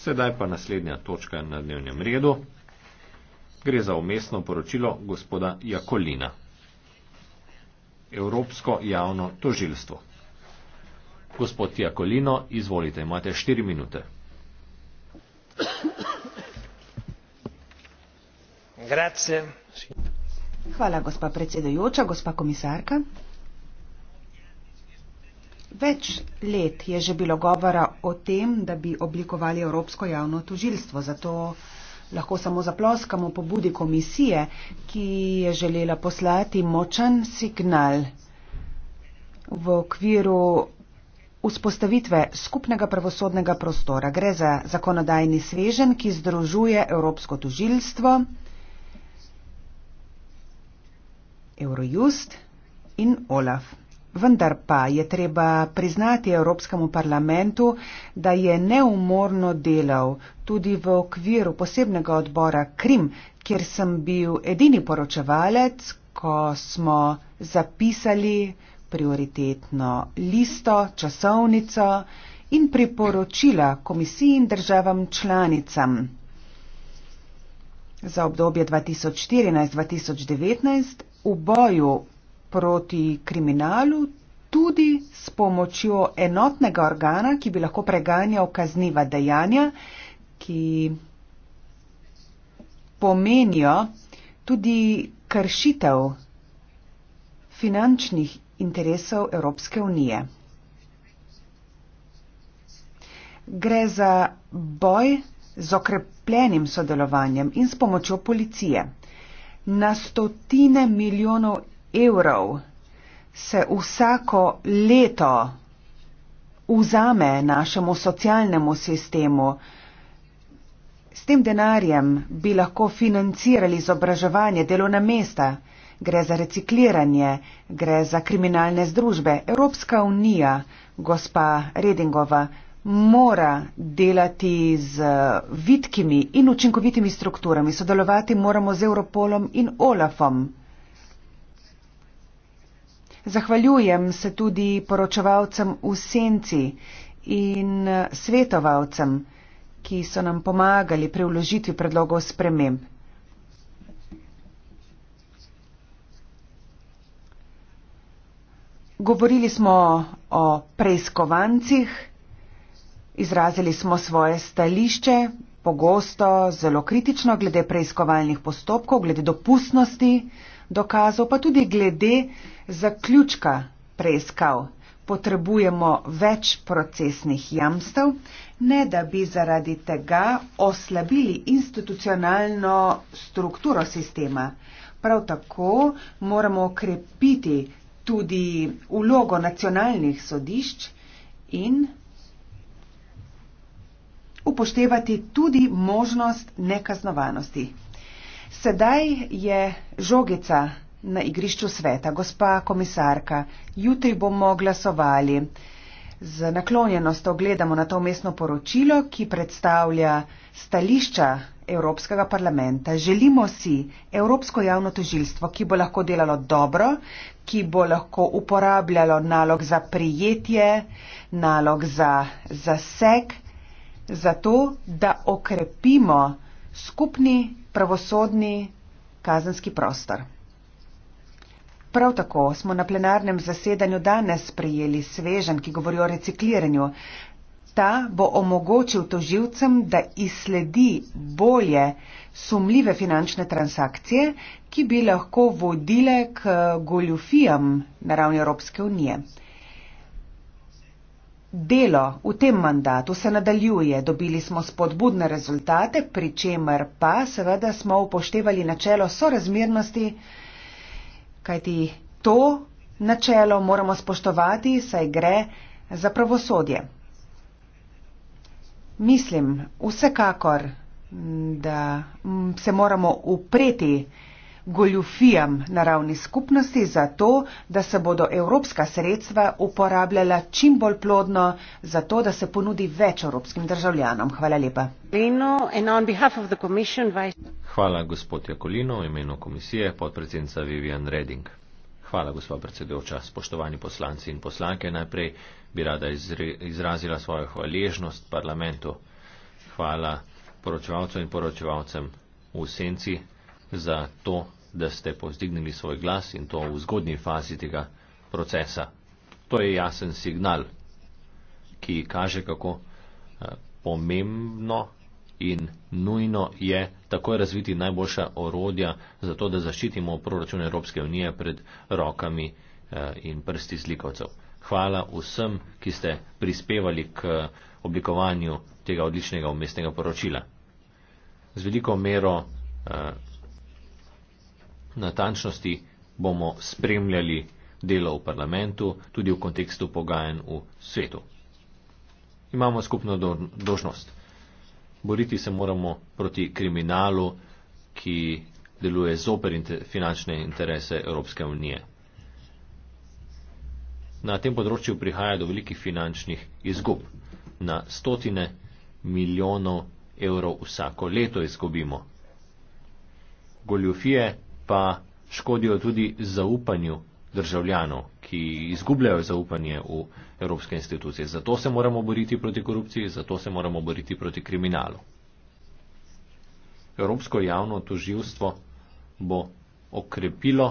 Sedaj pa naslednja točka na dnevnem redu. Gre za umestno poročilo gospoda Jakolina. Evropsko javno tožilstvo. Gospod Jakolino, izvolite, imate štiri minute. Grazie. Hvala, gospa predsedujoča, gospa komisarka. Več let je že bilo govora o tem, da bi oblikovali Evropsko javno tožilstvo. Zato lahko samo zaploskamo pobudi komisije, ki je želela poslati močan signal v okviru vzpostavitve skupnega pravosodnega prostora. Gre za zakonodajni svežen, ki združuje Evropsko tožilstvo, Eurojust in Olaf. Vendar pa je treba priznati Evropskemu parlamentu, da je neumorno delal tudi v okviru posebnega odbora Krim, kjer sem bil edini poročevalec, ko smo zapisali prioritetno listo, časovnico in priporočila komisiji in državam članicam. Za obdobje 2014-2019 v boju proti kriminalu, tudi s pomočjo enotnega organa, ki bi lahko preganjal kazniva dejanja, ki pomenijo tudi kršitev finančnih interesov Evropske unije. Gre za boj z okrepljenim sodelovanjem in s pomočjo policije. Na stotine milijonov evrov se vsako leto vzame našemu socialnemu sistemu. S tem denarjem bi lahko financirali izobraževanje delovna mesta, gre za recikliranje, gre za kriminalne združbe. Evropska unija, gospa Redingova, mora delati z eh, vitkimi in učinkovitimi strukturami, sodelovati moramo z Europolom in Olafom. Zahvaljujem se tudi poročevalcem v senci in eh, svetovalcem, ki so nam pomagali pri vložitvi predlogov sprememb. Govorili smo o preiskovancih, izrazili smo svoje stališče, pogosto zelo kritično glede preiskovalnih postopkov, glede dopustnosti dokazov, pa tudi glede zaključka preiskav. Potrebujemo več procesnih jamstev, ne da bi zaradi tega oslabili institucionalno strukturo sistema. Prav tako moramo okrepiti tudi ulogo nacionalnih sodišč in upoštevati tudi možnost nekaznovanosti. Sedaj je žogica na igrišču sveta, gospa komisarka. Jutri bomo glasovali. Z naklonjenostjo gledamo na to mestno poročilo, ki predstavlja stališča Evropskega parlamenta. Želimo si Evropsko javno tožilstvo, ki bo lahko delalo dobro, ki bo lahko uporabljalo nalog za prijetje, nalog za zaseg, zato da okrepimo skupni pravosodni kazenski prostor. Prav tako smo na plenarnem zasedanju danes sprejeli svežen, ki govori o recikliranju. Ta bo omogočil toživcem, da izsledi bolje sumljive finančne transakcije, ki bi lahko vodile k goljufijam na ravni Evropske unije. Delo v tem mandatu se nadaljuje, dobili smo spodbudne rezultate, pri čemer pa seveda smo upoštevali načelo sorazmernosti, kajti to načelo moramo spoštovati, saj gre za pravosodje. Mislim vsekakor, da mm, se moramo upreti goljufijam na ravni skupnosti za to, da se bodo evropska sredstva uporabljala čim bolj plodno, za to, da se ponudi več evropskim državljanom. Hvala lepa. Hvala, gospod Jakolino, v imenu komisije podpredsednica Vivian Reding. Hvala, gospod predsedujoča. Spoštovani poslanci in poslanke, najprej bi rada izrazila svojo hvaležnost parlamentu. Hvala poročevalcu in poročevalcem v senci za to, da ste pozdignili svoj glas in to v zgodnji fazi tega procesa. To je jasen signal, ki kaže, kako eh, pomembno in nujno je takoj razviti najboljša orodja za to, da zaščitimo proračun Evropske unije pred rokami eh, in prsti slikovcev. Hvala vsem, ki ste prispevali k eh, oblikovanju tega odličnega umestnega poročila. Z veliko mero natančnosti bomo spremljali delo v parlamentu, tudi v kontekstu pogajanj v svetu. Imamo skupno do, dožnost. Boriti se moramo proti kriminalu, ki deluje zoper inter, finančne interese Evropske unije. Na tem področju prihaja do velikih finančnih izgub. Na stotine milijonov evrov vsako leto izgubimo. Goljufije pa škodijo tudi zaupanju državljanov, ki izgubljajo zaupanje v evropske institucije. Zato se moramo boriti proti korupciji, zato se moramo boriti proti kriminalu. Evropsko javno toživstvo bo okrepilo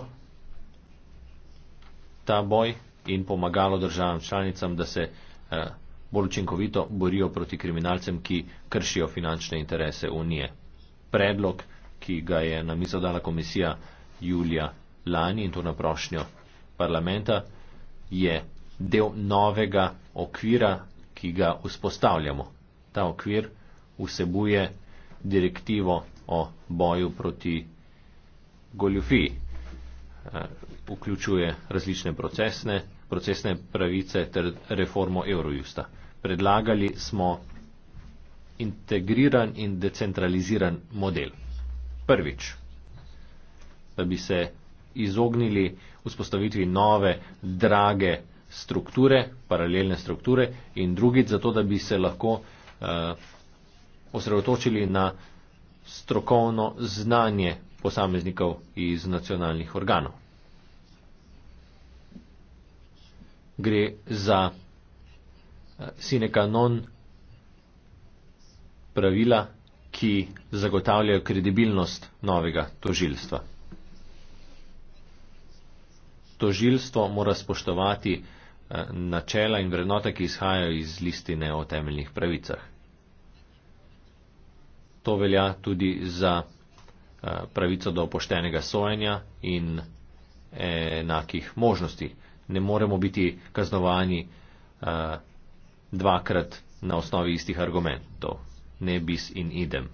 ta boj in pomagalo državam članicam, da se eh, bolj učinkovito borijo proti kriminalcem, ki kršijo finančne interese Unije. Predlog ki ga je na mizo dala komisija julija lani in to na prošnjo parlamenta, je del novega okvira, ki ga vzpostavljamo. Ta okvir vsebuje direktivo o boju proti goljufiji. Eh, vključuje različne procesne, procesne pravice ter reformo Eurojusta. Predlagali smo integriran in decentraliziran model prvič, da bi se izognili vzpostavitvi nove, drage strukture, paralelne strukture in drugič zato, da bi se lahko uh, osredotočili na strokovno znanje posameznikov iz nacionalnih organov. Gre za eh, sine canon pravila, ki zagotavljajo kredibilnost novega tožilstva. Tožilstvo mora spoštovati eh, načela in vrednote, ki izhajajo iz listine o temeljnih pravicah. To velja tudi za eh, pravico do poštenega sojenja in enakih možnosti. Ne moremo biti kaznovani eh, dvakrat na osnovi istih argumentov ne bis in idem.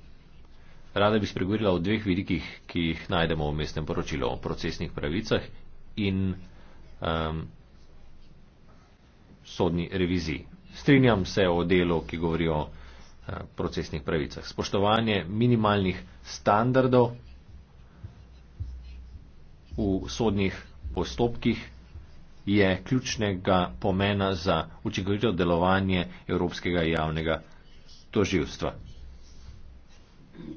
Rada bi spregovorila o dveh vidikih, ki jih najdemo v mestnem poročilu, o procesnih pravicah in um, sodni reviziji. Strinjam se o delu, ki govori o uh, procesnih pravicah. Spoštovanje minimalnih standardov v sodnih postopkih je ključnega pomena za učinkovito delovanje Evropskega javnega toživstva.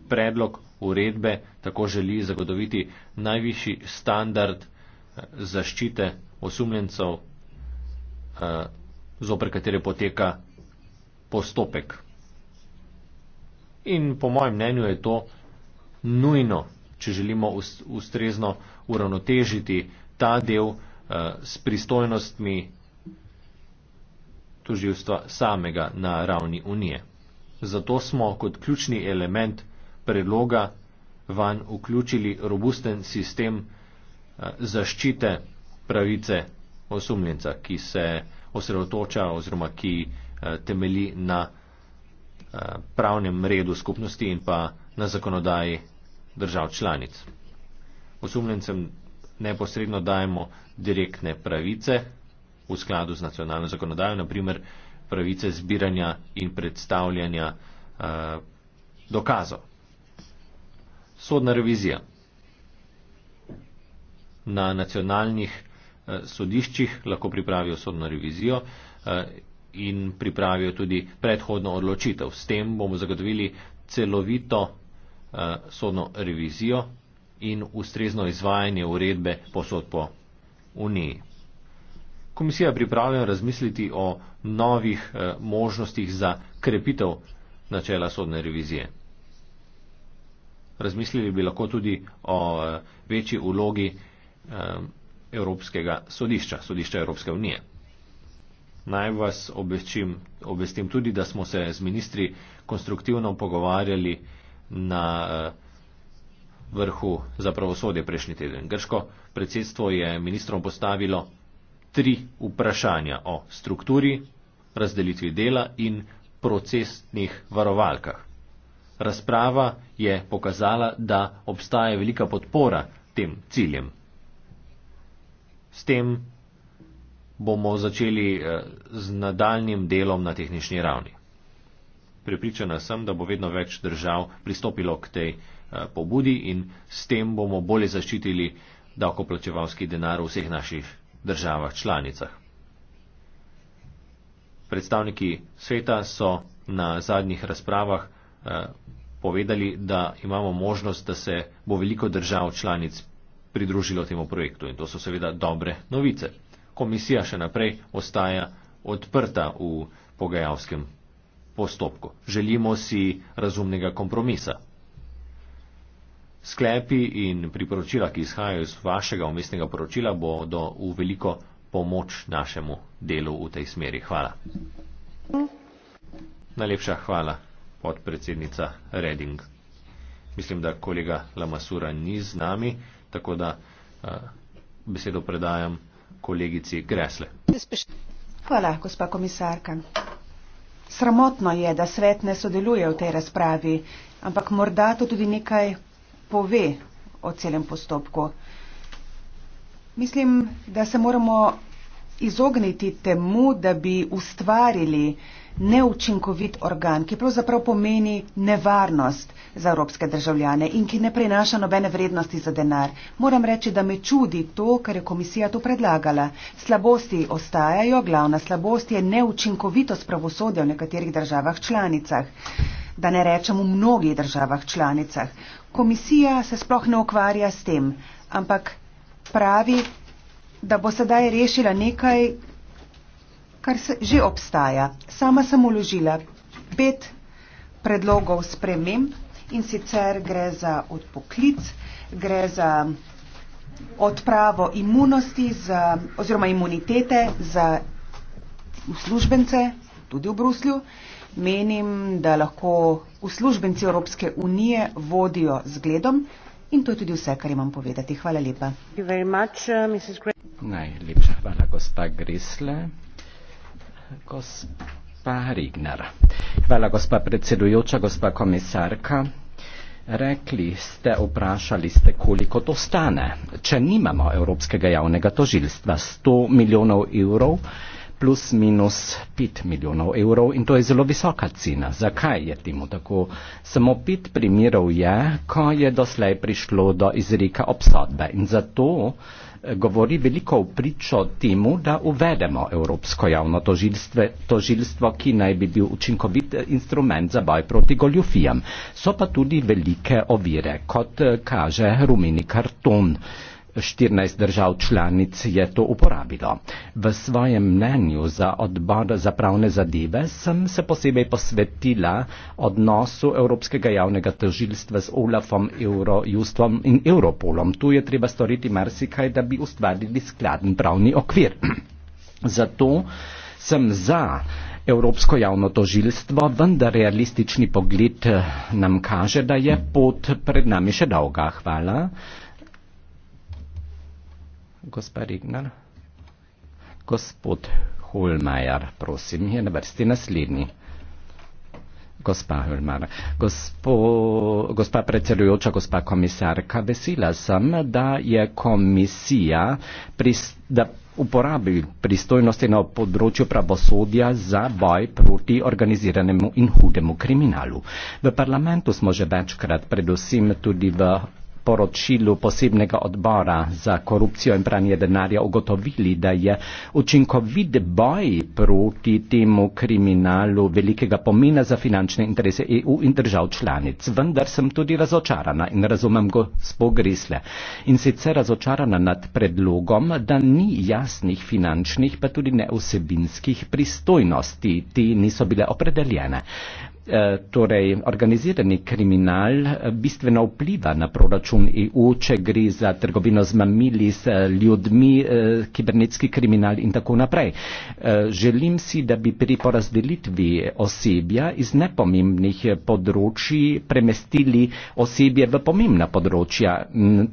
Predlog uredbe tako želi zagotoviti najvišji standard eh, zaščite osumljencev, eh, zopr katere poteka postopek. In po mojem mnenju je to nujno, če želimo ustrezno uravnotežiti ta del eh, s pristojnostmi toživstva samega na ravni Unije zato smo kot ključni element predloga vanj vključili robusten sistem eh, zaščite pravice osumljenca, ki se osredotoča oziroma ki eh, temeli na eh, pravnem redu skupnosti in pa na zakonodaji držav članic. Osumljencem neposredno dajemo direktne pravice v skladu z nacionalno zakonodajo, naprimer pravice zbiranja in predstavljanja eh, dokazov. Sodna revizija. Na nacionalnih eh, sodiščih lahko pripravijo sodno revizijo eh, in pripravijo tudi predhodno odločitev. S tem bomo zagotovili celovito eh, sodno revizijo in ustrezno izvajanje uredbe posod po Uniji komisija pripravljena razmisliti o novih eh, možnostih za krepitev načela sodne revizije. Razmislili bi lahko tudi o eh, večji ulogi eh, Evropskega sodišča, sodišča Evropske unije. Naj vas obvestim, obvestim tudi, da smo se z ministri konstruktivno pogovarjali na vrhu za pravosodje prejšnji teden. Grško predsedstvo je ministrom postavilo tri vprašanja o strukturi, razdelitvi dela in procesnih varovalkah. Razprava je pokazala, da obstaja velika podpora tem ciljem. S tem bomo začeli eh, z nadaljnim delom na tehnični ravni. Pripričana sem, da bo vedno več držav pristopilo k tej eh, pobudi in s tem bomo bolje zaščitili davkoplačevalski denar vseh naših državah članicah. Predstavniki sveta so na zadnjih razpravah eh, povedali, da imamo možnost, da se bo veliko držav članic pridružilo temu projektu in to so seveda dobre novice. Komisija še naprej ostaja odprta v pogajalskem postopku. Želimo si razumnega kompromisa sklepi in priporočila, ki izhajajo iz vašega umestnega poročila, bodo v veliko pomoč našemu delu v tej smeri. Hvala. Najlepša hvala, podpredsednica Reding. Mislim, da kolega Lamasura ni z nami, tako da uh, besedo predajam kolegici Gresle. Hvala, gospa komisarka. Sramotno je, da svet ne sodeluje v tej razpravi, ampak morda to tudi nekaj pove o celem postopku. Mislim, da se moramo izogniti temu, da bi ustvarili neučinkovit organ, ki pravzaprav pomeni nevarnost za evropske državljane in ki ne prenaša nobene vrednosti za denar. Moram reči, da me čudi to, kar je komisija tu predlagala. Slabosti ostajajo, glavna slabost je neučinkovitost pravosodja v nekaterih državah članicah, da ne rečem v mnogih državah članicah komisija se sploh ne ukvarja s tem, ampak pravi, da bo sedaj rešila nekaj, kar se že obstaja. Sama sem uložila pet predlogov spremem in sicer gre za odpoklic, gre za odpravo imunosti za, oziroma imunitete za uslužbence, tudi v Bruslju. Uh, Menim, da lahko uslužbenci Evropske unije vodijo zgledom in to je tudi vse, kar imam povedati. Hvala lepa. Much, uh, Najlepša hvala, gospa Grisle. Gospa Rignar. Hvala, gospa predsedujoča, gospa komisarka. Rekli ste, vprašali ste, koliko to stane, če nimamo Evropskega javnega tožilstva. 100 milijonov evrov plus minus 5 milijonov evrov in to je zelo visoka cena. Zakaj je temu tako? Samo 5 primerov je, ko je doslej prišlo do izreka obsodbe in zato eh, govori veliko v pričo temu, da uvedemo Evropsko javno tožilstvo, tožilstvo, ki naj bi bil učinkovit eh, instrument za boj proti goljufijam. So pa tudi velike ovire, kot eh, kaže rumeni karton. 14 držav članic je to uporabilo. V svojem mnenju za odbor za pravne zadeve sem se posebej posvetila odnosu Evropskega javnega tožilstva s Olafom, Eurojustvom in Europolom. Tu je treba storiti marsikaj, da bi ustvarili skladen pravni okvir. Zato sem za Evropsko javno tožilstvo, vendar realistični pogled eh, nam kaže, da je pot pred nami še dolga. Hvala gospa Rignar. Gospod Hulmajer, prosim, je na vrsti naslednji. Gospa Hulmar, gospo, gospa predsedujoča, gospa komisarka, vesela sem, da je komisija, prist, da uporabi pristojnosti na področju pravosodja za boj proti organiziranemu in hudemu kriminalu. V parlamentu smo že večkrat, predvsem tudi v poročilu posebnega odbora za korupcijo in pranje denarja ugotovili, da je učinkovit boj proti temu kriminalu velikega pomena za finančne interese EU in držav članic. Vendar sem tudi razočarana in razumem go spogrisle. In sicer razočarana nad predlogom, da ni jasnih finančnih, pa tudi ne osebinskih pristojnosti, ti niso bile opredeljene. Eh, torej organizirani kriminal eh, bistveno vpliva na proračun EU, če gre za trgovino z mamili, z eh, ljudmi, kibernetski kriminal in tako naprej. Želim si, da bi pri porazdelitvi osebja iz nepomembnih področji premestili osebje v pomembna področja.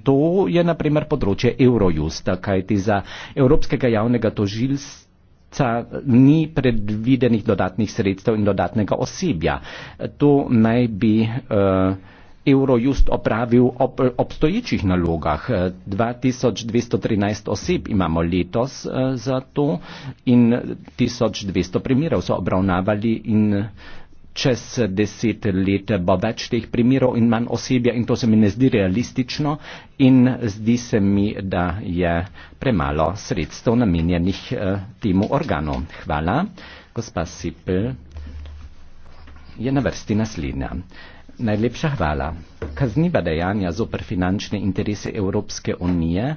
To je naprimer področje Eurojusta, kajti za Evropskega javnega tožilstva ca, ni predvidenih dodatnih sredstev in dodatnega osebja. To naj bi uh, Eurojust opravil ob obstoječih nalogah. 2213 oseb imamo letos uh, za to in 1200 eh, primerov so obravnavali in uh, čez deset let bo več teh primerov in manj osebja in to se mi ne zdi realistično in zdi se mi, da je premalo sredstev namenjenih eh, temu organu. Hvala. Gospa Sipl je na vrsti naslednja. Najlepša hvala. Kazniva dejanja zoper finančne interese Evropske unije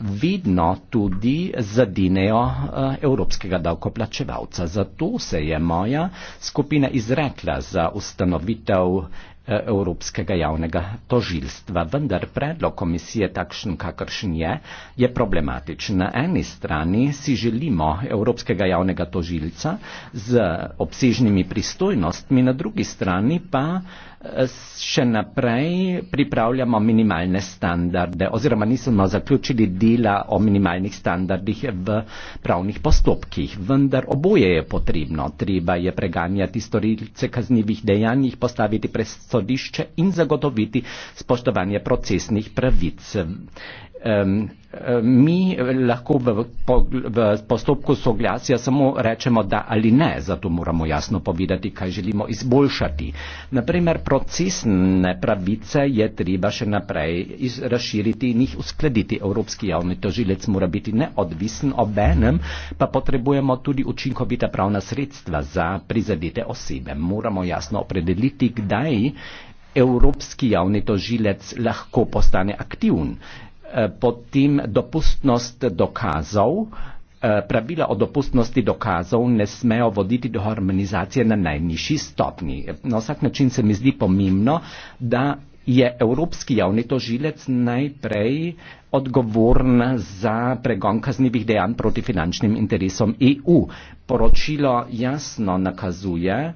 vidno tudi zadinejo eh, evropskega davkoplačevalca. Zato se je moja skupina izrekla za ustanovitev eh, Evropskega javnega tožilstva. Vendar predlog komisije takšen, kakršen je, je problematičen. Na eni strani si želimo Evropskega javnega tožilca z obsežnimi pristojnostmi, na drugi strani pa še naprej pripravljamo minimalne standarde oziroma nismo zaključili dela o minimalnih standardih v pravnih postopkih. Vendar oboje je potrebno. Treba je preganjati storilce kaznivih dejanj, jih postaviti pred sodišče in zagotoviti spoštovanje procesnih pravic. Um, Eh, mi eh, lahko v, po, v postopku soglasja samo rečemo da ali ne, zato moramo jasno povedati, kaj želimo izboljšati. Naprimer, procesne pravice je treba še naprej iz, razširiti in jih uskladiti. Evropski javni tožilec mora biti neodvisen, obenem pa potrebujemo tudi učinkovita pravna sredstva za prizadete osebe. Moramo jasno opredeliti, kdaj Evropski javni tožilec lahko postane aktivn. Eh, potem dopustnost dokazov, eh, pravila o dopustnosti dokazov ne smejo voditi do harmonizacije na najnižji stopni. Na vsak način se mi zdi pomembno, da je Evropski javni tožilec najprej odgovoren za pregon kaznivih dejanj proti finančnim interesom EU. Poročilo jasno nakazuje,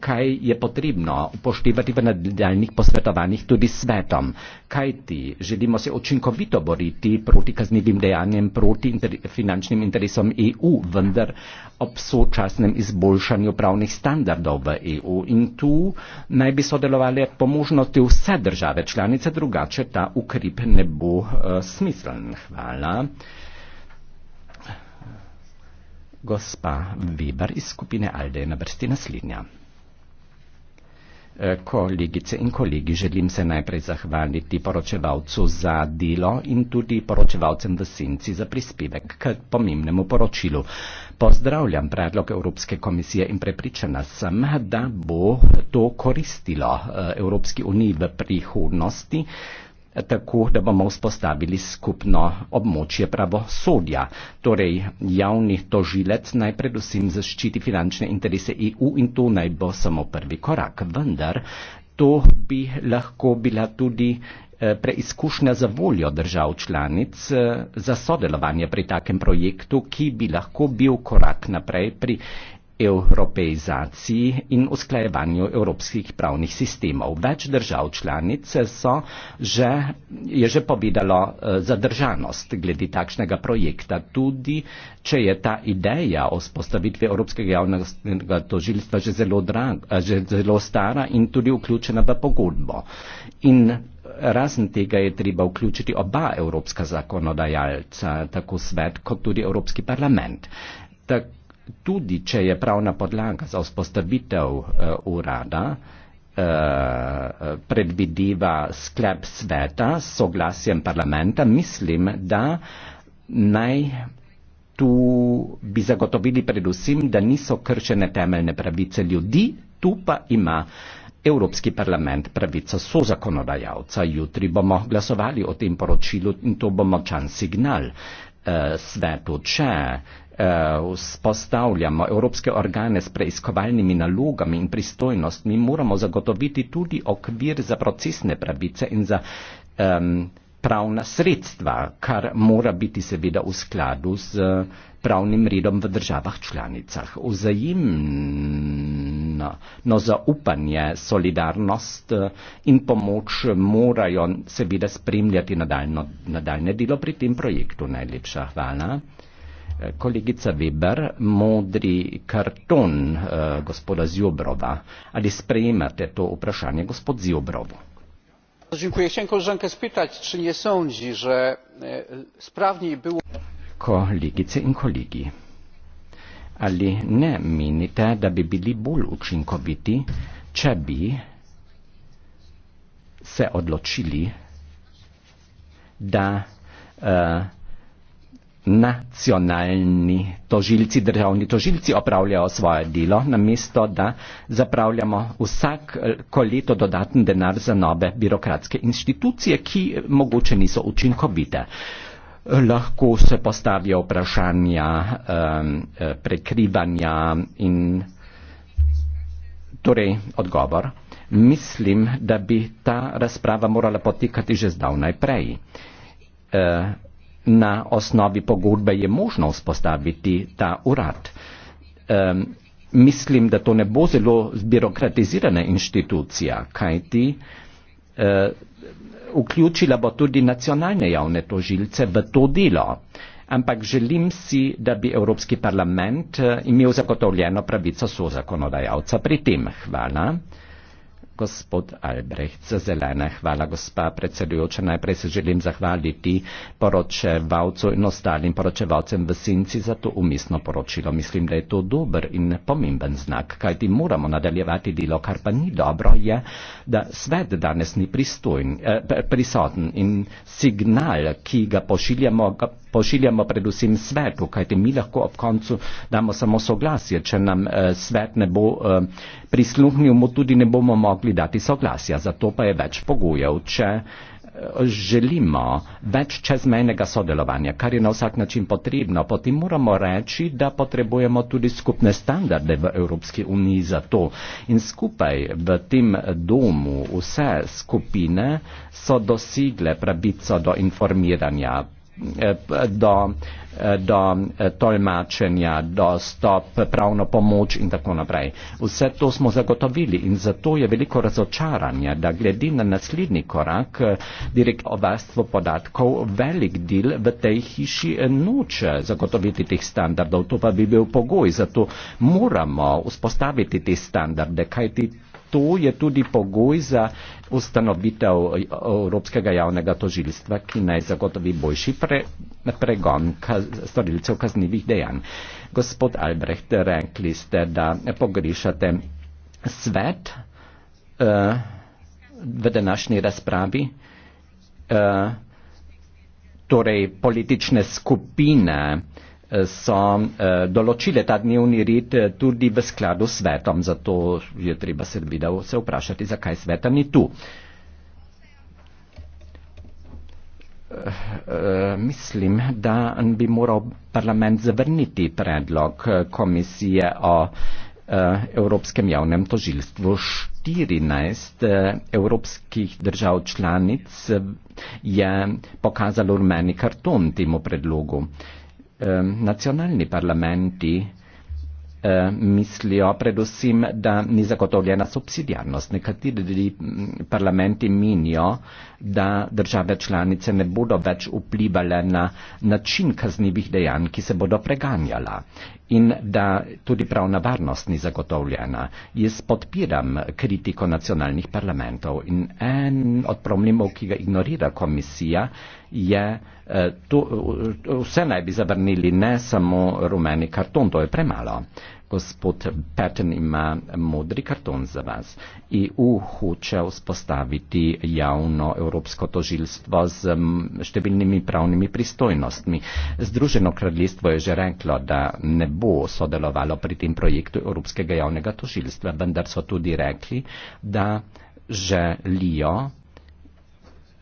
kaj je potrebno upoštevati v nadaljnih posvetovanjih tudi svetom. Kaj ti želimo se očinkovito boriti proti kaznivim dejanjem, proti inter finančnim interesom EU, vendar ob sočasnem izboljšanju pravnih standardov v EU. In tu naj bi sodelovali po možnosti vse države članice, drugače ta ukrep ne bo uh, eh, smiseln. Hvala. Gospa Weber iz skupine Alde je na vrsti naslednja. Eh, kolegice in kolegi, želim se najprej zahvaliti poročevalcu za delo in tudi poročevalcem v senci za prispevek k pomembnemu poročilu. Pozdravljam predlog Evropske komisije in prepričana sem, da bo to koristilo eh, Evropski uniji v prihodnosti, tako da bomo vzpostavili skupno območje pravosodja. Torej, javni tožilec naj predvsem zaščiti finančne interese EU in to naj bo samo prvi korak. Vendar, to bi lahko bila tudi eh, preizkušnja za voljo držav članic eh, za sodelovanje pri takem projektu, ki bi lahko bil korak naprej pri evropeizaciji in usklajevanju evropskih pravnih sistemov. Več držav članice so že, je že povedalo eh, zadržanost glede takšnega projekta. Tudi, če je ta ideja o spostavitvi Evropskega javnega tožilstva že zelo, drag, eh, že zelo stara in tudi vključena v pogodbo. In Razen tega je treba vključiti oba evropska zakonodajalca, tako svet kot tudi Evropski parlament. Tako tudi če je pravna podlaga za vzpostavitev uh, urada, Uh, predvideva sklep sveta s soglasjem parlamenta, mislim, da naj tu bi zagotovili predvsem, da niso kršene temeljne pravice ljudi, tu pa ima Evropski parlament pravico so zakonodajalca. Jutri bomo glasovali o tem poročilu in to bo močan signal uh, svetu, če uh, Eh, vzpostavljamo evropske organe s preiskovalnimi nalogami in pristojnostmi, moramo zagotoviti tudi okvir za procesne pravice in za um, pravna sredstva, kar mora biti seveda v skladu z pravnim redom v državah članicah. Vzajemno no, zaupanje, solidarnost eh, in pomoč morajo seveda spremljati nadaljno, nadaljne delo pri tem projektu. Najlepša hvala kolegica Weber, modri karton eh, gospoda Ziobrova. Ali sprejemate to vprašanje, gospod Ziobrov? Dziękuję. Chciałem koleżankę spytać, czy nie sądzi, że e, sprawniej było... Kolegice i kolegi, ali nie minite, da by byli ból uczynkowiti, czy by se odloczyli, da... Uh, nacionalni tožilci, državni tožilci opravljajo svoje delo, namesto da zapravljamo vsak koleto dodaten denar za nove birokratske institucije, ki mogoče niso učinkovite. Lahko se postavijo vprašanja eh, prekrivanja in torej odgovor. Mislim, da bi ta razprava morala potekati že zdavnaj prej. Eh, na osnovi pogodbe je možno vzpostaviti ta urad. Um, mislim, da to ne bo zelo zbirokratizirana inštitucija, kajti uh, vključila bo tudi nacionalne javne tožilce v to delo. Ampak želim si, da bi Evropski parlament e, imel zagotovljeno pravico sozakonodajalca pri tem. Hvala. Gospod Albrecht, zelena hvala, gospa predsedujoča. Najprej se želim zahvaliti poročevalcu in ostalim poročevalcem v Sinci za to umestno poročilo. Mislim, da je to dober in pomemben znak, kajti moramo nadaljevati delo, kar pa ni dobro, je, da svet danes ni pristojn, eh, prisoten in signal, ki ga pošiljamo, pošiljamo predvsem svetu, kajte mi lahko ob koncu damo samo soglasje, če nam eh, svet ne bo eh, prisluhnil, mu tudi ne bomo mogli dati soglasja, zato pa je več pogojev. Če eh, želimo več čezmejnega sodelovanja, kar je na vsak način potrebno, potem moramo reči, da potrebujemo tudi skupne standarde v Evropski uniji za to. In skupaj v tem eh, domu vse skupine so dosegle pravico do informiranja, da, eh, da eh, eh, tolmačenja, dostop, pravno pomoč in tako naprej. Vse to smo zagotovili in zato je veliko razočaranje, da glede na naslednji korak direktovarstvo podatkov velik del v tej hiši noče zagotoviti teh standardov. To pa bi bil pogoj, zato moramo vzpostaviti te standarde, kaj ti to je tudi pogoj za ustanovitev eh, Evropskega javnega tožilstva, ki naj zagotovi boljši pre, pregon kaz, storilcev kaznivih dejanj. Gospod Albrecht, rekli ste, da pogrišate svet uh, v današnji razpravi. Uh, torej politične skupine, Eh, so eh, določile ta dnevni red eh, tudi v skladu s svetom. Zato je treba seveda se vprašati, zakaj sveta ni tu. Mislim, da bi moral parlament zavrniti predlog komisije o Evropskem javnem tožilstvu. 14 evropskih držav članic je pokazalo rumeni karton temu predlogu. Ehm, nacionalni parlamenti ehm, mislijo predvsem, da ni zagotovljena subsidijarnost. Nekateri mm, parlamenti minijo, da države članice ne bodo več vplivali na način kaznivih dejanj, ki se bodo preganjala in da tudi pravna varnost ni zagotovljena. Jaz podpiram kritiko nacionalnih parlamentov in en od problemov, ki ga ignorira komisija, je, da eh, eh, vse naj bi zavrnili, ne samo rumeni karton, to je premalo gospod Patton ima modri karton za vas. EU hoče vzpostaviti javno evropsko tožilstvo z številnimi pravnimi pristojnostmi. Združeno kraljestvo je že reklo, da ne bo sodelovalo pri tem projektu evropskega javnega tožilstva, vendar so tudi rekli, da želijo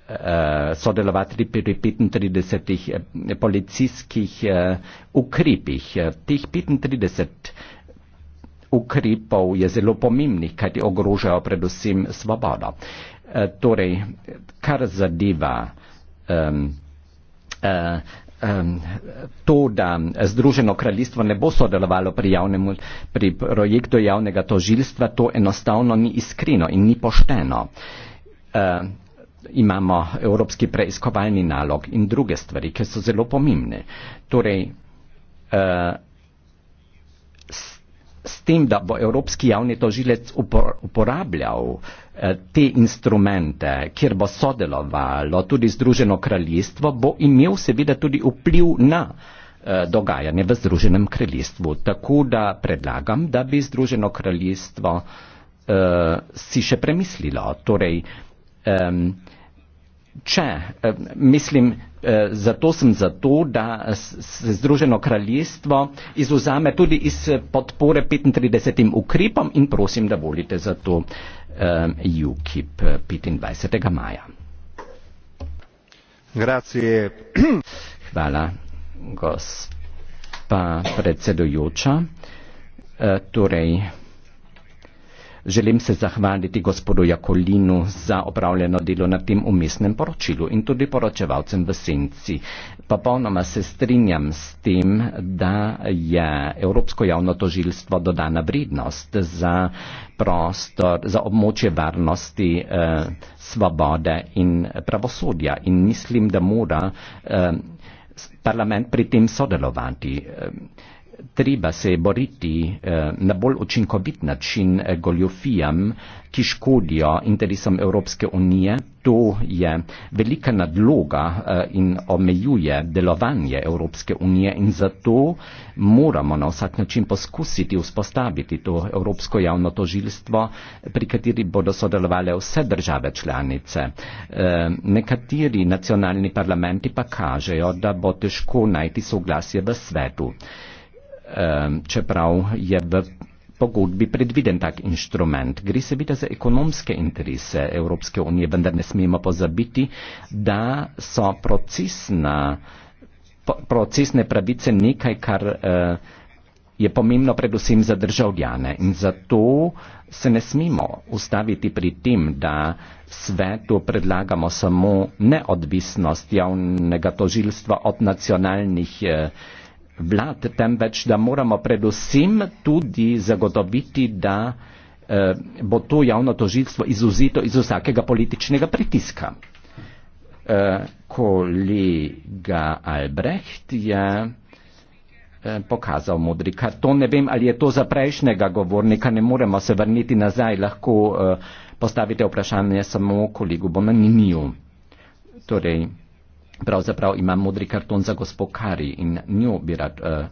Eh, sodelovati pri 35 eh, policijskih eh, ukrepih. Tih 35 ukrepov je zelo pomembnih, kajti ogrožajo predvsem svobodo. Torej, kar zadeva um, um, to, da Združeno kraljestvo ne bo sodelovalo pri, javnemu, pri projektu javnega tožilstva, to enostavno ni iskreno in ni pošteno. Um, imamo evropski preiskovalni nalog in druge stvari, ki so zelo pomembne. Torej, uh, s, s tem, da bo evropski javni tožilec upor, uporabljal uh, te instrumente, kjer bo sodelovalo tudi Združeno kraljestvo, bo imel seveda tudi vpliv na eh, dogajanje v Združenem kraljestvu. Tako da predlagam, da bi Združeno kraljestvo uh, si še premislilo. Torej, um, Če eh, mislim, eh, zato sem zato, da se Združeno kraljestvo izuzame tudi iz eh, podpore 35 ukrepom in prosim, da volite za to UKIP 25. maja. Grazie. Hvala, gospa predsedujoča. Torej, Želim se zahvaliti gospodu Jakolinu za opravljeno delo na tem umestnem poročilu in tudi poročevalcem v senci. Popolnoma se strinjam s tem, da je Evropsko javno tožilstvo dodana vrednost za prostor, za območje varnosti, eh, svobode in pravosodja in mislim, da mora eh, parlament pri tem sodelovati. Eh, treba se boriti eh, na bolj učinkovit način eh, goljofijam, ki škodijo interesom Evropske unije. To je velika nadloga eh, in omejuje delovanje Evropske unije in zato moramo na vsak način poskusiti vzpostaviti to Evropsko javno tožilstvo, pri kateri bodo sodelovali vse države članice. Eh, nekateri nacionalni parlamenti pa kažejo, da bo težko najti soglasje v svetu. Ehm, čeprav je v pogodbi predviden tak inštrument. Gre seveda za ekonomske interese Evropske unije, vendar ne smemo pozabiti, da so procesna, procesne pravice nekaj, kar eh, je pomembno predvsem za državljane in zato se ne smemo ustaviti pri tem, da svetu predlagamo samo neodvisnost javnega tožilstva od nacionalnih eh, vlad, temveč da moramo predvsem tudi zagotoviti, da eh, bo to javno tožilstvo izuzito iz vsakega političnega pritiska. Eh, kolega Albrecht je eh, pokazal modri karton. Ne vem, ali je to za prejšnjega govornika, ne moremo se vrniti nazaj, lahko uh, postavite vprašanje samo kolegu Bonaniniju. Torej, pravzaprav ima modri karton za gospod Kari in njo bi rad uh,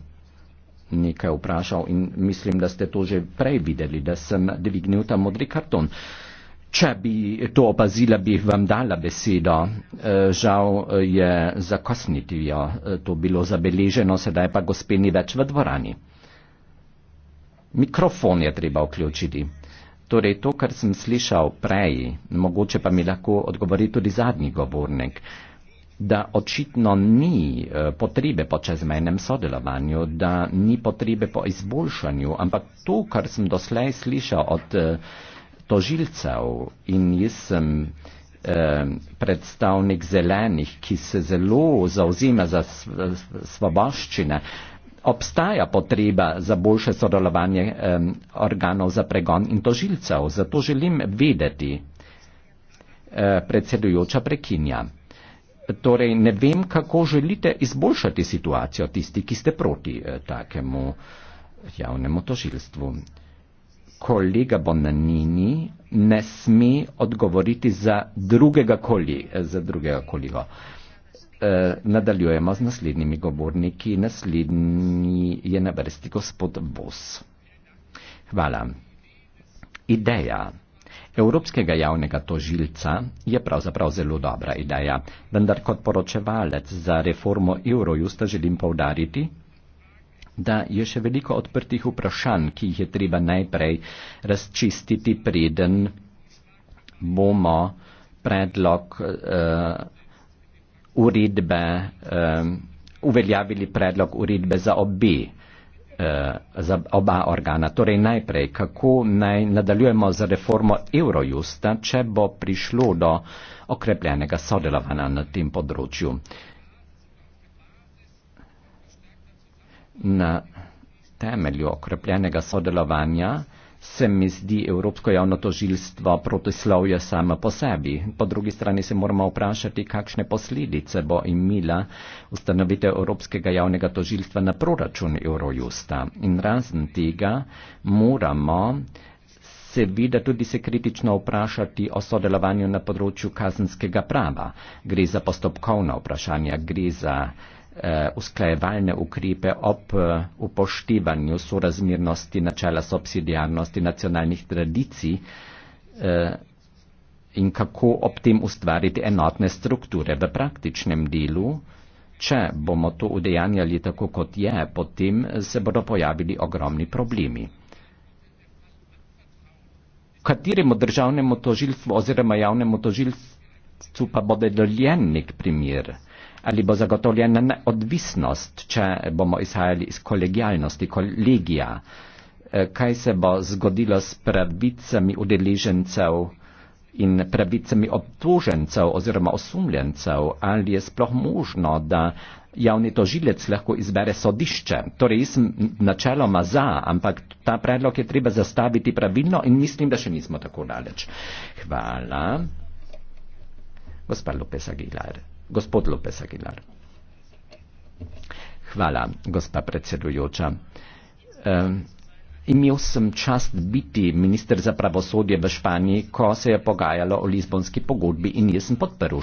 nekaj vprašal in mislim, da ste to že prej videli, da sem dvignil ta modri karton. Če bi to opazila, bi vam dala besedo. Uh, žal eh, je zakosniti jo, ja, uh, to bilo zabeleženo, sedaj pa gospe ni več v dvorani. Mikrofon je treba vključiti. Torej, to, kar sem slišal prej, mogoče pa mi lahko odgovori tudi zadnji govornik. Uh, da očitno ni eh, potrebe po čezmejnem sodelovanju, da ni potrebe po izboljšanju, ampak to, kar sem doslej slišal od eh, tožilcev in jaz sem eh, predstavnik zelenih, ki se zelo zauzima za svoboščine, obstaja potreba za boljše sodelovanje organov za pregon in tožilcev. Zato želim vedeti, predsedujoča prekinja. Torej, ne vem, kako želite izboljšati situacijo tisti, ki ste proti eh, takemu eh, javnemu tožilstvu. Kolega Bonanini ne sme odgovoriti za drugega, koli, eh, za drugega koliko. E, eh, nadaljujemo z naslednjimi govorniki. Naslednji je na vrsti gospod Bos. Hvala. Ideja. Evropskega javnega tožilca je pravzaprav zelo dobra ideja, vendar kot poročevalec za reformo Eurojusta želim povdariti, da je še veliko odprtih vprašanj, ki jih je treba najprej razčistiti, preden bomo predlog uh, uredbe, uh, uveljavili predlog uredbe za obi uh, Eh, za oba organa. Torej najprej, kako naj nadaljujemo z reformo Eurojusta, če bo prišlo do okrepljenega sodelovanja na tem področju. Na temelju okrepljenega sodelovanja se mi zdi Evropsko javno tožilstvo protislovje samo po sebi. Po drugi strani se moramo vprašati, kakšne posledice bo imela ustanovitev Evropskega javnega tožilstva na proračun Eurojusta. In razen tega moramo seveda tudi se kritično vprašati o sodelovanju na področju kazenskega prava. Gre za postopkovna vprašanja, gre za Eh, usklajevalne ukrepe ob eh, upoštevanju sorazmernosti načela subsidijarnosti nacionalnih tradicij eh, in kako ob tem ustvariti enotne strukture v praktičnem delu. Če bomo to udejanjali tako, kot je, potem se bodo pojavili ogromni problemi. Kateremu državnemu tožilstvu oziroma javnemu tožilstvu pa bo dodeljen nek primer? ali bo zagotovljena neodvisnost, če bomo izhajali iz kolegijalnosti, kolegija, e, kaj se bo zgodilo s pravicami udeležencev in pravicami obtožencev oziroma osumljencev, ali je sploh možno, da javni tožilec lahko izbere sodišče. Torej, jaz sem načeloma za, ampak ta predlog je treba zastaviti pravilno in mislim, da še nismo tako daleč. Hvala. Gospod Lopes Aguilar gospod Lopes Aguilar. Hvala, gospa predsedujoča. Um, imel sem čast biti minister za pravosodje v Španiji, ko se je pogajalo o Lizbonski pogodbi in jaz sem podprl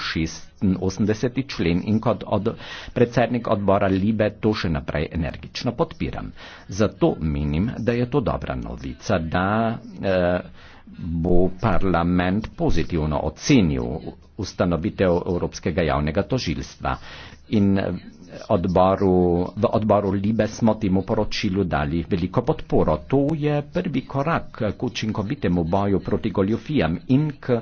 86. člen in kot od predsednik odbora Libe to še naprej energično podpiram. Zato menim, da je to dobra novica, da uh, bo parlament pozitivno ocenil ustanovitev Evropskega javnega tožilstva. In eh, odboru, v odboru Libe smo temu poročilu dali veliko podporo. To je prvi korak k učinkovitemu boju proti goljofijam in k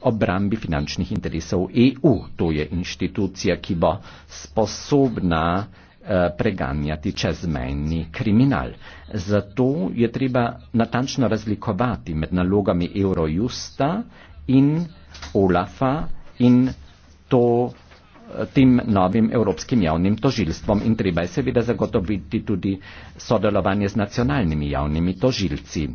obrambi finančnih interesov EU. To je inštitucija, ki bo sposobna eh, preganjati čezmejni kriminal. Zato je treba natančno razlikovati med nalogami Eurojusta in ULAFA in to eh, tem novim evropskim javnim tožilstvom. In treba je seveda zagotoviti tudi sodelovanje z nacionalnimi javnimi tožilci.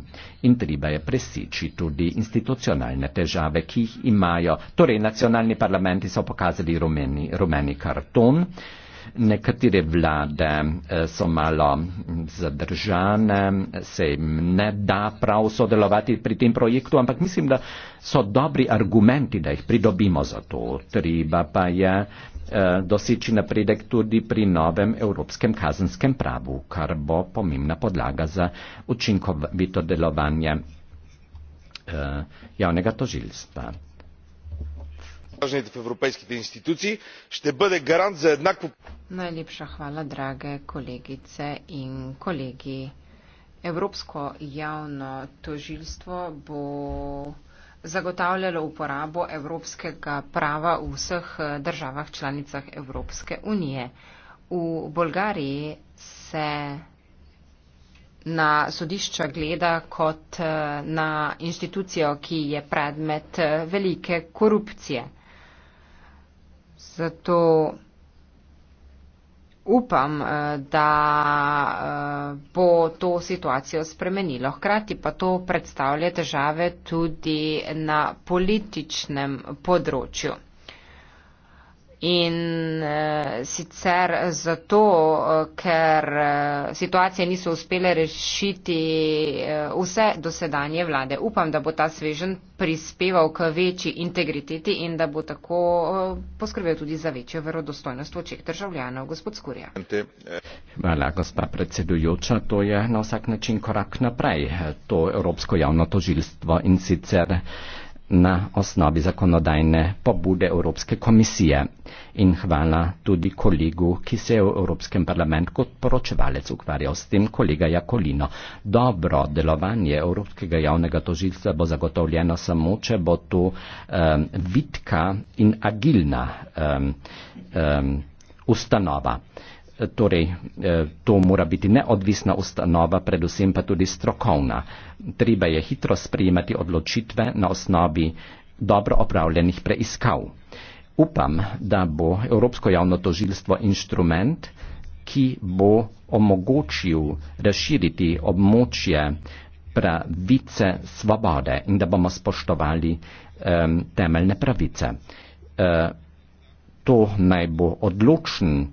In treba je presiči tudi institucionalne težave, ki jih imajo. Torej, nacionalni parlamenti so pokazali rumeni, rumeni karton. Uh, Nekatere vlade eh, so malo zadržane, se jim ne da prav sodelovati pri tem projektu, ampak mislim, da so dobri argumenti, da jih pridobimo za to. Treba pa je eh, doseči napredek tudi pri novem evropskem kazenskem pravu, kar bo pomembna podlaga za učinkovito delovanje eh, javnega tožilstva най-важните в европейските институции, ще бъде гарант за еднакво... Най-липша хвала, драге колегице и колеги. Evropsko javno tožilstvo bo zagotavljalo uporabo evropskega prava v vseh eh, državah članicah Evropske unije. V Bolgariji se na sodišča gleda kot eh, na institucijo, ki je predmet eh, velike korupcije zato upam, eh, da eh, bo to situacijo spremenilo. Hkrati pa to predstavlja težave tudi na političnem področju in uh, sicer zato, uh, ker uh, situacije niso uspele rešiti uh, vse dosedanje vlade. Upam, da bo ta svežen prispeval k večji integriteti in da bo tako uh, poskrbel tudi za večjo verodostojnost očeh državljanov. Gospod Skurja. Hvala, gospa predsedujoča. To je na vsak način korak naprej. To Evropsko javno tožilstvo in sicer. Uh, na osnovi zakonodajne pobude Evropske komisije. In hvala tudi kolegu, ki se je v Evropskem parlamentu kot poročevalec ukvarjal s tem, kolega Jakolino. Dobro delovanje Evropskega javnega tožilstva bo zagotovljeno samo, če bo tu um, vitka in agilna um, um, ustanova. Torej, eh, to mora biti neodvisna ustanova, predvsem pa tudi strokovna. Treba je hitro sprejemati odločitve na osnovi dobro opravljenih preiskav. Upam, da bo Evropsko javno tožilstvo inštrument, ki bo omogočil razširiti območje pravice svobode in da bomo spoštovali um, temeljne pravice. Uh, to naj bo odločen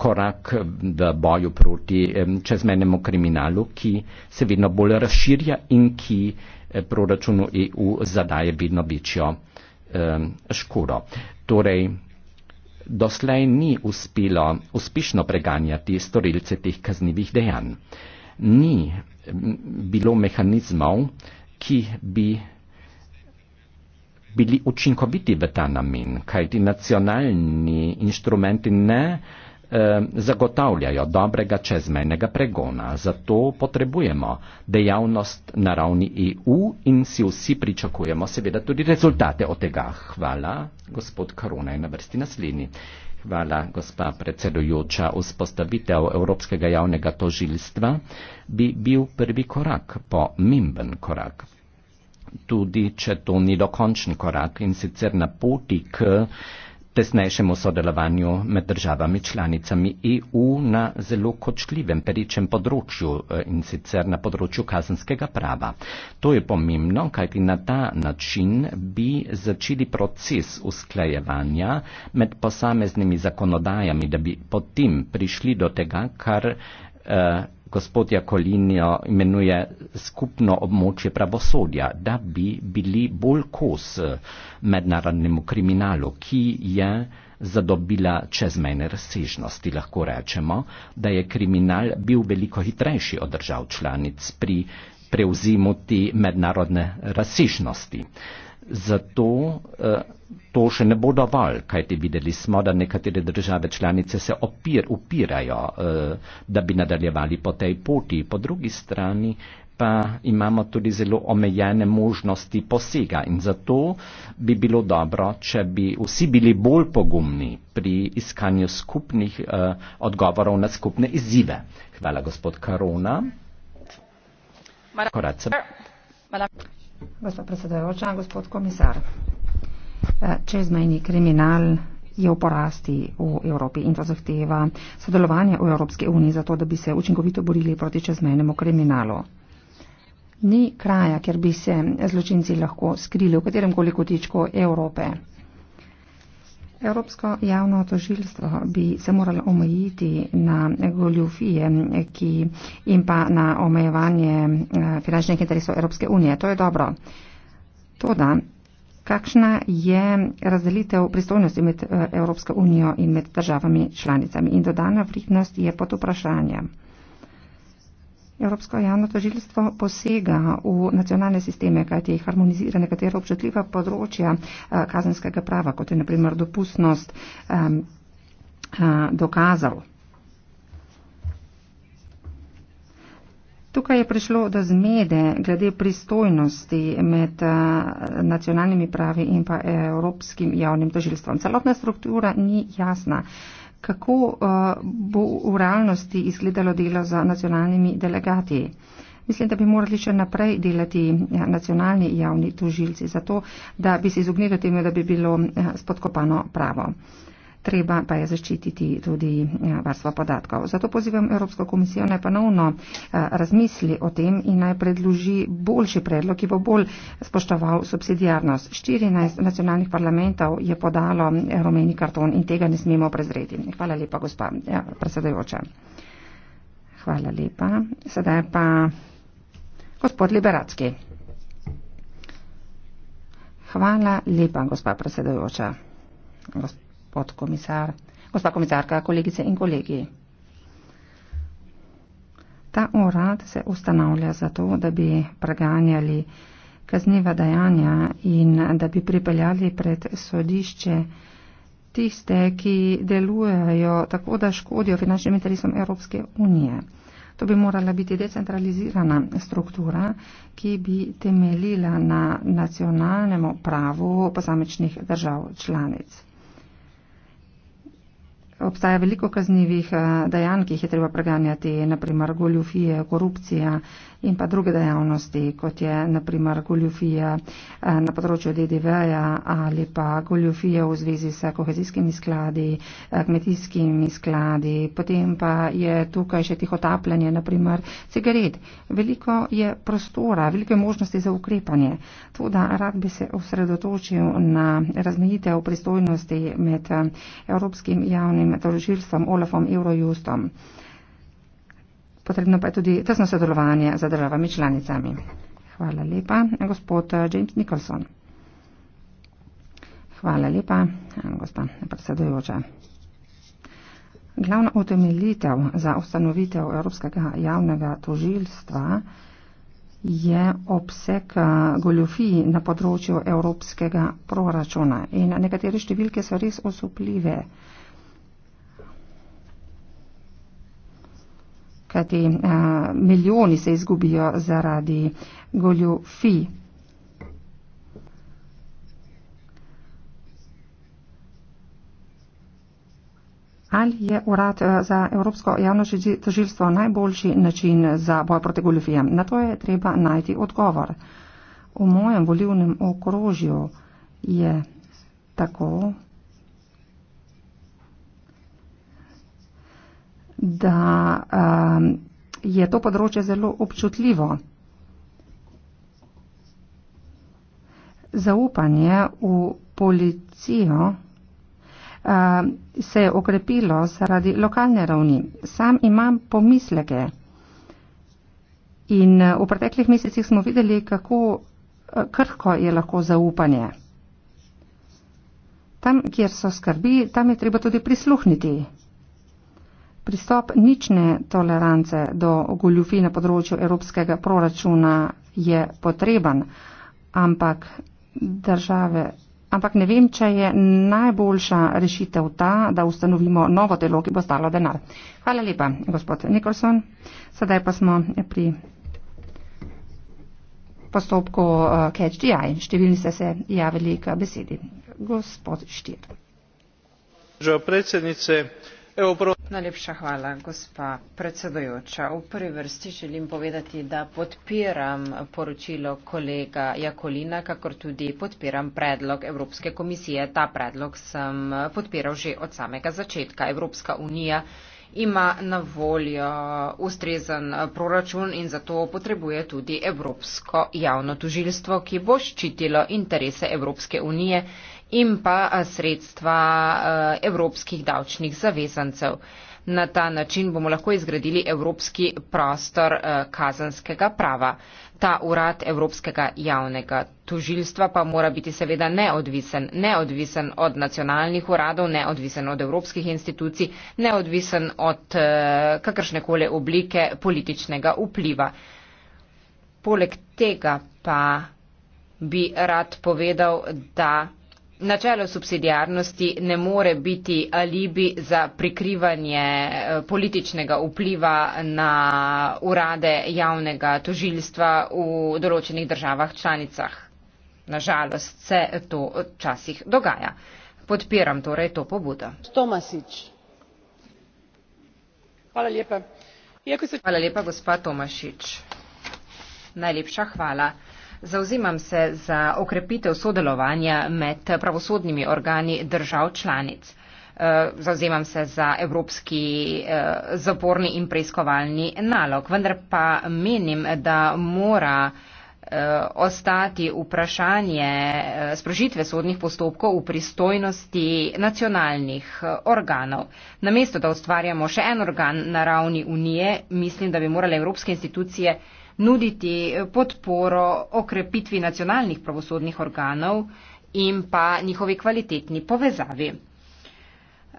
korak v boju proti eh, čezmenemu kriminalu, ki se vedno bolj razširja in ki eh, proračunu EU zadaje vedno večjo eh, škodo. Torej, doslej ni uspelo uspešno preganjati storilce teh kaznivih dejanj. Ni bilo mehanizmov, ki bi bili učinkoviti v ta namen, kajti nacionalni inštrumenti ne Eh, zagotavljajo dobrega čezmejnega pregona. Zato potrebujemo dejavnost na ravni EU in si vsi pričakujemo seveda tudi rezultate od tega. Hvala, gospod Karuna je na vrsti naslednji. Hvala, gospa predsedujoča. Vzpostavitev Evropskega javnega tožilstva bi bil prvi korak, pomemben korak. Tudi, če to ni dokončen korak in sicer na poti k tesnejšemu sodelovanju med državami članicami EU na zelo kočljivem peričem področju e, in sicer na področju kazenskega prava. To je pomembno, kajti na ta način bi začeli proces usklajevanja med posameznimi zakonodajami, da bi potem prišli do tega, kar e, gospod Jakolinjo imenuje skupno območje pravosodja, da bi bili bolj kos eh, mednarodnemu kriminalu, ki je zadobila čezmejne razsežnosti. Lahko rečemo, da je kriminal bil veliko hitrejši od držav članic pri prevzimu te mednarodne razsežnosti. Zato eh, to še ne bo dovolj, kajti videli smo, da nekatere države članice se opir, upirajo, eh, da bi nadaljevali po tej poti. Po drugi strani pa imamo tudi zelo omejene možnosti posega in zato bi bilo dobro, če bi vsi bili bolj pogumni pri iskanju skupnih eh, odgovorov na skupne izzive. Hvala, gospod Karona. Hvala, gospod predsedujoča, gospod komisar. Čezmejni kriminal je v porasti v Evropi in to zahteva sodelovanje v Evropski uniji za to, da bi se učinkovito borili proti čezmejnemu kriminalu. Ni kraja, kjer bi se zločinci lahko skrili v katerem koli kotičku Evrope. Evropsko javno tožilstvo bi se moralo omejiti na goljufije in pa na omejevanje eh, finančnih interesov Evropske unije. To je dobro. Toda kakšna je razdelitev pristojnosti med eh, Evropsko unijo in med državami članicami. In dodana vrednost je pod vprašanje. Evropsko javno tožilstvo posega v nacionalne sisteme, kajti jih harmonizira nekatera občutljiva področja eh, kazenskega prava, kot je naprimer dopustnost eh, dokazal Tukaj je prišlo do zmede glede pristojnosti med eh, nacionalnimi pravi in pa eh, Evropskim javnim tožilstvom. Celotna struktura ni jasna. Kako eh, bo v realnosti izgledalo delo za nacionalnimi delegati? Mislim, da bi morali še naprej delati nacionalni javni tožilci, zato da bi se izognili temu, da bi bilo spodkopano pravo treba pa je zaščititi tudi ja, varstvo podatkov. Zato pozivam Evropsko komisijo naj ponovno eh, razmisli o tem in naj predloži boljši predlog, ki bo bolj spoštoval subsidijarnost. 14 nacionalnih parlamentov je podalo eh, rumeni karton in tega ne smemo prezreti. Hvala lepa, gospa ja, predsedajoča. Hvala lepa. Sedaj pa gospod Liberacki. Hvala lepa, gospa predsedajoča. Gospod podkomisar. Gospa komisarka, kolegice in kolegi. Ta urad se ustanavlja zato, da bi preganjali kazniva dejanja in da bi pripeljali pred sodišče tiste, ki delujejo tako, da škodijo finančnim interesom Evropske unije. To bi morala biti decentralizirana struktura, ki bi temeljila na nacionalnemu pravu posamečnih držav članic obstaja veliko kaznjivih eh, dejanj, ki jih je treba preganjati, naprimer goljufije, korupcija in pa druge dejavnosti, kot je naprimer goljufija eh, na področju DDV-ja ali pa goljufija v zvezi s kohezijskimi skladi, eh, kmetijskimi skladi, potem pa je tukaj še tih otapljanje, naprimer cigaret. Veliko je prostora, veliko je možnosti za ukrepanje. Tudi rad bi se osredotočil na razmejitev pristojnosti med Evropskim javnim državnim tožilstvom Olafom Eurojustom. Potrebno pa je tudi tesno sodelovanje za državami članicami. Hvala lepa, gospod James Nicholson. Hvala lepa, gospa predsedujoča. Glavna utemeljitev za ustanovitev Evropskega javnega tožilstva je obseg eh, goljofij na področju evropskega proračuna. In nekatere številke so res osupljive. kajti a, eh, milijoni se izgubijo zaradi goljufi. Ali je urad eh, za Evropsko javno tožilstvo najboljši način za boj proti goljufijam? Na to je treba najti odgovor. V mojem volivnem okrožju je tako, da um, je to področje zelo občutljivo. Zaupanje v policijo uh, se je okrepilo zaradi lokalne ravni. Sam imam pomisleke in uh, v preteklih mesecih smo videli, kako uh, krhko je lahko zaupanje. Tam, kjer so skrbi, tam je treba tudi prisluhniti. Pristop nične tolerance do goljufi na področju evropskega proračuna je potreben, ampak države. Ampak ne vem, če je najboljša rešitev ta, da ustanovimo novo telo, ki bo stalo denar. Hvala lepa, gospod Nikolson. Sedaj pa smo pri postopku eh, Catch the Eye. Številni ste se javili k besedi. Gospod Štir. Že predsednice. Najlepša hvala, gospa predsedojoča. V prvi vrsti želim povedati, da podpiram poročilo kolega Jakolina, kakor tudi podpiram predlog Evropske komisije. Ta predlog sem podpiral že od samega začetka. Evropska unija ima na voljo ustrezen proračun in zato potrebuje tudi Evropsko javno tužilstvo, ki bo ščitilo interese Evropske unije in pa sredstva evropskih davčnih zavezancev. Na ta način bomo lahko izgradili evropski prostor kazanskega prava ta urad Evropskega javnega tožilstva pa mora biti seveda neodvisen, neodvisen od nacionalnih uradov, neodvisen od evropskih institucij, neodvisen od eh, kakršnekole oblike političnega vpliva. Poleg tega pa bi rad povedal, da Načelo subsidijarnosti ne more biti alibi za prikrivanje eh, političnega vpliva na urade javnega tožilstva v določenih državah članicah. Nažalost se to včasih dogaja. Podpiram torej to pobudo. Tomasič. Hvala lepa. Se... Hvala lepa, gospa Tomašič. Najlepša hvala. Zauzimam se za okrepitev sodelovanja med pravosodnimi organi držav članic. Eh, zauzemam se za evropski eh, zaporni in preiskovalni nalog, vendar pa menim, da mora eh, ostati vprašanje sprožitve sodnih postopkov v pristojnosti nacionalnih organov. Namesto, da ustvarjamo še en organ na ravni unije, mislim, da bi morale evropske institucije nuditi eh, podporo okrepitvi nacionalnih pravosodnih organov in pa njihovi kvalitetni povezavi.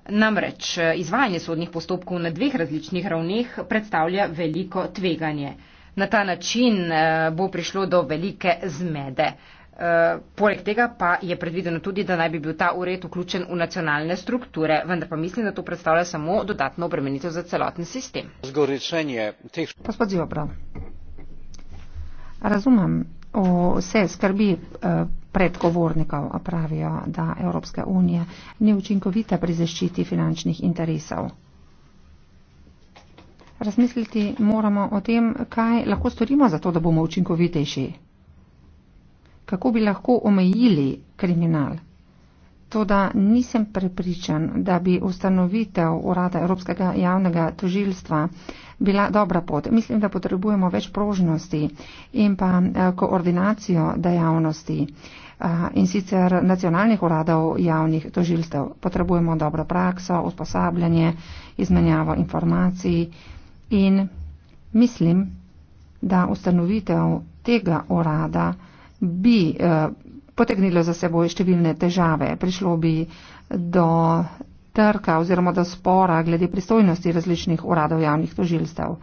Namreč eh, izvajanje sodnih postopkov na dveh različnih ravneh predstavlja veliko tveganje. Na ta način eh, bo prišlo do velike zmede. Poleg tega pa je predvideno tudi, da naj bi bil ta ured vključen v nacionalne strukture, vendar pa mislim, da to predstavlja samo dodatno obremenitev za celoten sistem. Zgoričenje teh. Gospod Zivobrav. Razumem, vse skrbi eh, predgovornikov pravijo, da Evropska unija ni učinkovita pri zaščiti finančnih interesov. Razmisliti moramo o tem, kaj lahko storimo za to, da bomo učinkovitejši. Kako bi lahko omejili kriminal? Toda nisem prepričan, da bi ustanovitev Urada Evropskega javnega tožilstva bila dobra pot. Mislim, da potrebujemo več prožnosti in pa eh, koordinacijo dejavnosti eh, in sicer nacionalnih uradov javnih tožilstev. Potrebujemo dobro prakso, usposabljanje, izmenjavo informacij in mislim, da ustanovitev tega urada bi eh, potegnilo za seboj številne težave. Prišlo bi do trka oziroma do spora glede pristojnosti različnih uradov javnih tožilstev.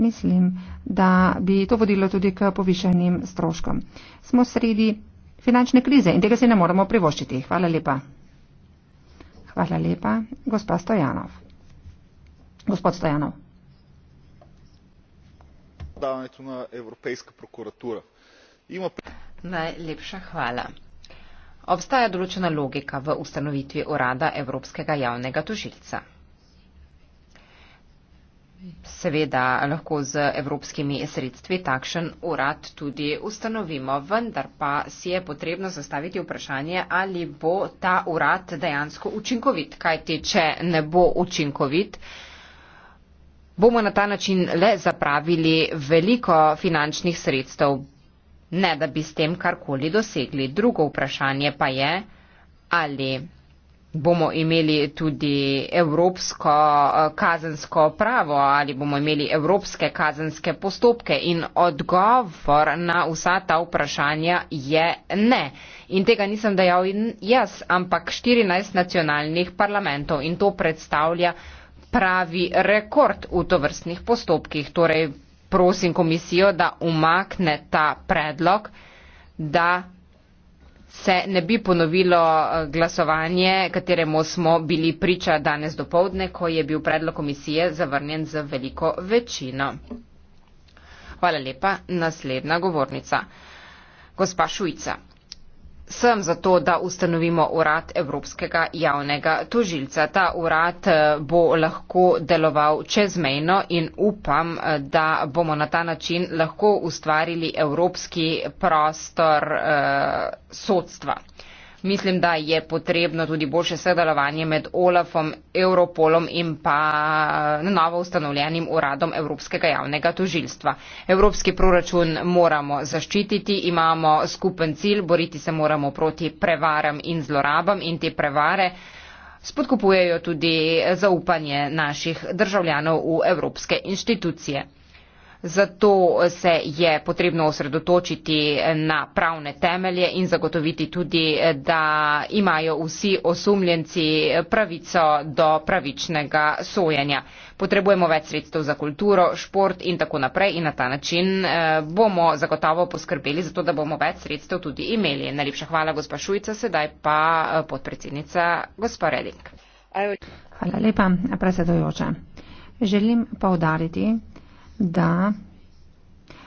Mislim, da bi to vodilo tudi k povišenim stroškom. Smo sredi finančne krize in tega si ne moremo privoščiti. Hvala lepa. Hvala lepa, gospa Stojanov. Gospod Stojanov. Hvala lepa, gospod Stojanov. Najlepša hvala. Obstaja določena logika v ustanovitvi urada Evropskega javnega tožilca. Seveda lahko z evropskimi sredstvi takšen urad tudi ustanovimo, vendar pa si je potrebno zastaviti vprašanje, ali bo ta urad dejansko učinkovit. Kaj ti, če ne bo učinkovit, bomo na ta način le zapravili veliko finančnih sredstev ne da bi s tem karkoli dosegli. Drugo vprašanje pa je, ali bomo imeli tudi evropsko eh, kazensko pravo, ali bomo imeli evropske kazenske postopke. In odgovor na vsa ta vprašanja je ne. In tega nisem dejal jaz, ampak 14 nacionalnih parlamentov in to predstavlja pravi rekord v tovrstnih postopkih. Torej prosim komisijo, da umakne ta predlog, da se ne bi ponovilo eh, glasovanje, kateremu smo bili priča danes do povdne, ko je bil predlog komisije zavrnjen z veliko večino. Hvala lepa. Naslednja govornica. Gospa Šujca, sem za to, da ustanovimo urad Evropskega javnega tožilca. Ta urad eh, bo lahko deloval čezmejno in upam, eh, da bomo na ta način lahko ustvarili evropski prostor eh, sodstva mislim, da je potrebno tudi boljše sodelovanje med Olafom, Europolom in pa eh, novo ustanovljenim uradom Evropskega javnega tožilstva. Evropski proračun moramo zaščititi, imamo skupen cilj, boriti se moramo proti prevaram in zlorabam in te prevare spodkupujejo tudi zaupanje naših državljanov v evropske inštitucije. Zato se je potrebno osredotočiti na pravne temelje in zagotoviti tudi, da imajo vsi osumljenci pravico do pravičnega sojenja. Potrebujemo več sredstev za kulturo, šport in tako naprej in na ta način eh, bomo zagotovo poskrbeli za to, da bomo več sredstev tudi imeli. Najlepša hvala, gospa Šujca, sedaj pa eh, podpredsednica gospa Reding. Hvala lepa, predsedojoča. Želim poudariti, da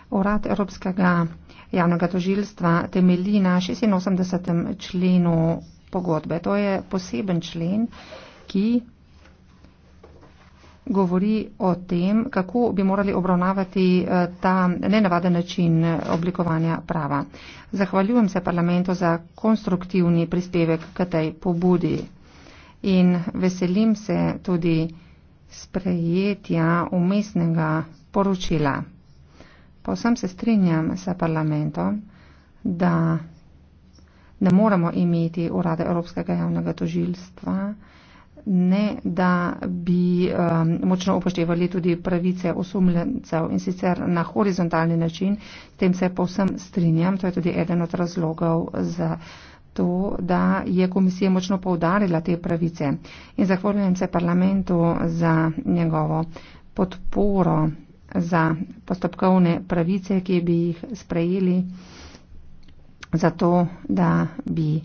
urad Evropskega javnega tožilstva temelji na 86. členu pogodbe. To je poseben člen, ki govori o tem, kako bi morali obravnavati eh, ta nenavaden način oblikovanja prava. Zahvaljujem se parlamentu za konstruktivni prispevek k tej pobudi in veselim se tudi sprejetja umestnega poročila. Povsem se strinjam s parlamentom, da ne moramo imeti urada Evropskega javnega tožilstva, ne da bi um, močno upoštevali tudi pravice osumljencev in sicer na horizontalni način. S tem se povsem strinjam, to je tudi eden od razlogov za to, da je komisija močno poudarila te pravice. In zahvaljujem se parlamentu za njegovo podporo za postopkovne pravice, ki bi jih sprejeli, zato da bi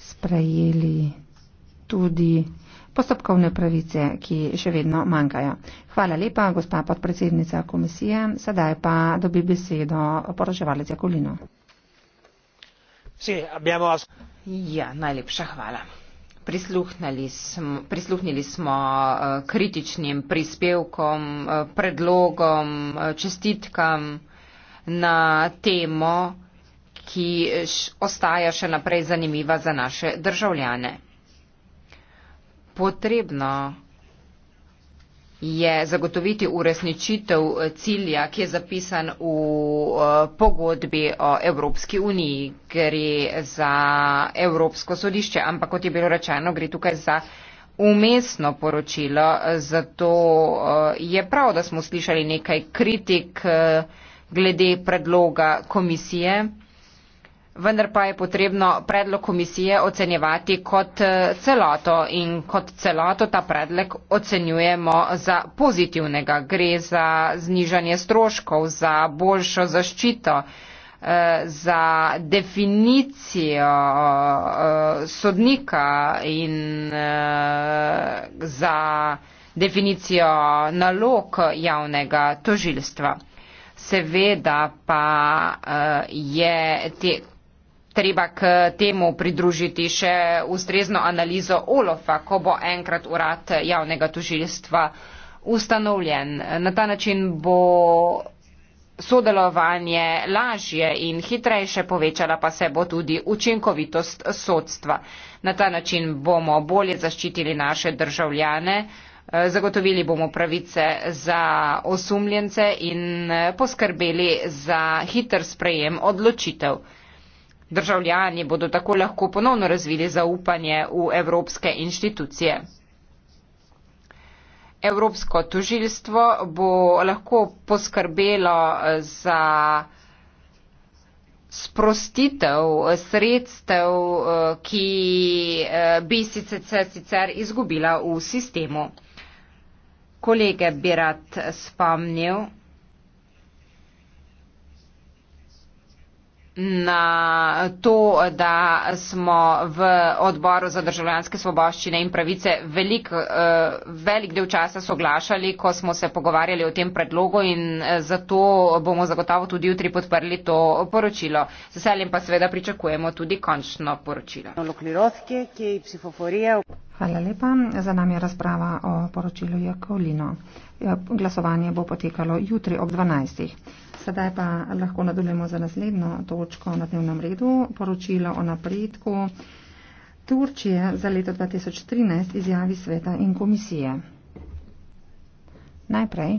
sprejeli tudi postopkovne pravice, ki še vedno manjkajo. Hvala lepa, gospa podpredsednica komisije. Sedaj pa dobi besedo poroževalec Jakolino. Ja, najlepša hvala. Prisluhnili smo, prisluhnili eh, smo kritičnim prispevkom, eh, predlogom, eh, čestitkam na temo, ki ostaja še naprej zanimiva za naše državljane. Potrebno je zagotoviti uresničitev cilja, ki je zapisan v eh, pogodbi o Evropski uniji, gre za Evropsko sodišče, ampak kot je bilo rečeno, gre tukaj za umestno poročilo, zato eh, je prav, da smo slišali nekaj kritik eh, glede predloga komisije vendar pa je potrebno predlog komisije ocenjevati kot eh, celoto in kot celoto ta predlog ocenjujemo za pozitivnega. Gre za znižanje stroškov, za boljšo zaščito, eh, za definicijo eh, sodnika in za definicijo nalog javnega tožilstva. Seveda pa je te treba k temu pridružiti še ustrezno analizo OLOFA, ko bo enkrat urad javnega tužilstva ustanovljen. Na ta način bo sodelovanje lažje in hitrejše, povečala pa se bo tudi učinkovitost sodstva. Na ta način bomo bolje zaščitili naše državljane, eh, zagotovili bomo pravice za osumljence in eh, poskrbeli za hiter sprejem odločitev. Državljani bodo tako lahko ponovno razvili zaupanje v evropske inštitucije. Evropsko tožilstvo bo lahko poskrbelo za sprostitev sredstev, ki eh, bi sicer, sicer izgubila v sistemu. Kolege bi rad spomnil. na to, da smo v odboru za državljanske svoboščine in pravice velik, eh, velik del časa soglašali, ko smo se pogovarjali o tem predlogu in eh, zato bomo zagotovo tudi jutri podprli to poročilo. Z veseljem pa seveda pričakujemo tudi končno poročilo. Hvala lepa. Za nami je razprava o poročilu Jakolino. Ja, glasovanje bo potekalo jutri ob 12. Sedaj pa lahko nadaljujemo za naslednjo točko na dnevnem redu. Poročilo o napredku Turčije za leto 2013 izjavi sveta in komisije. Najprej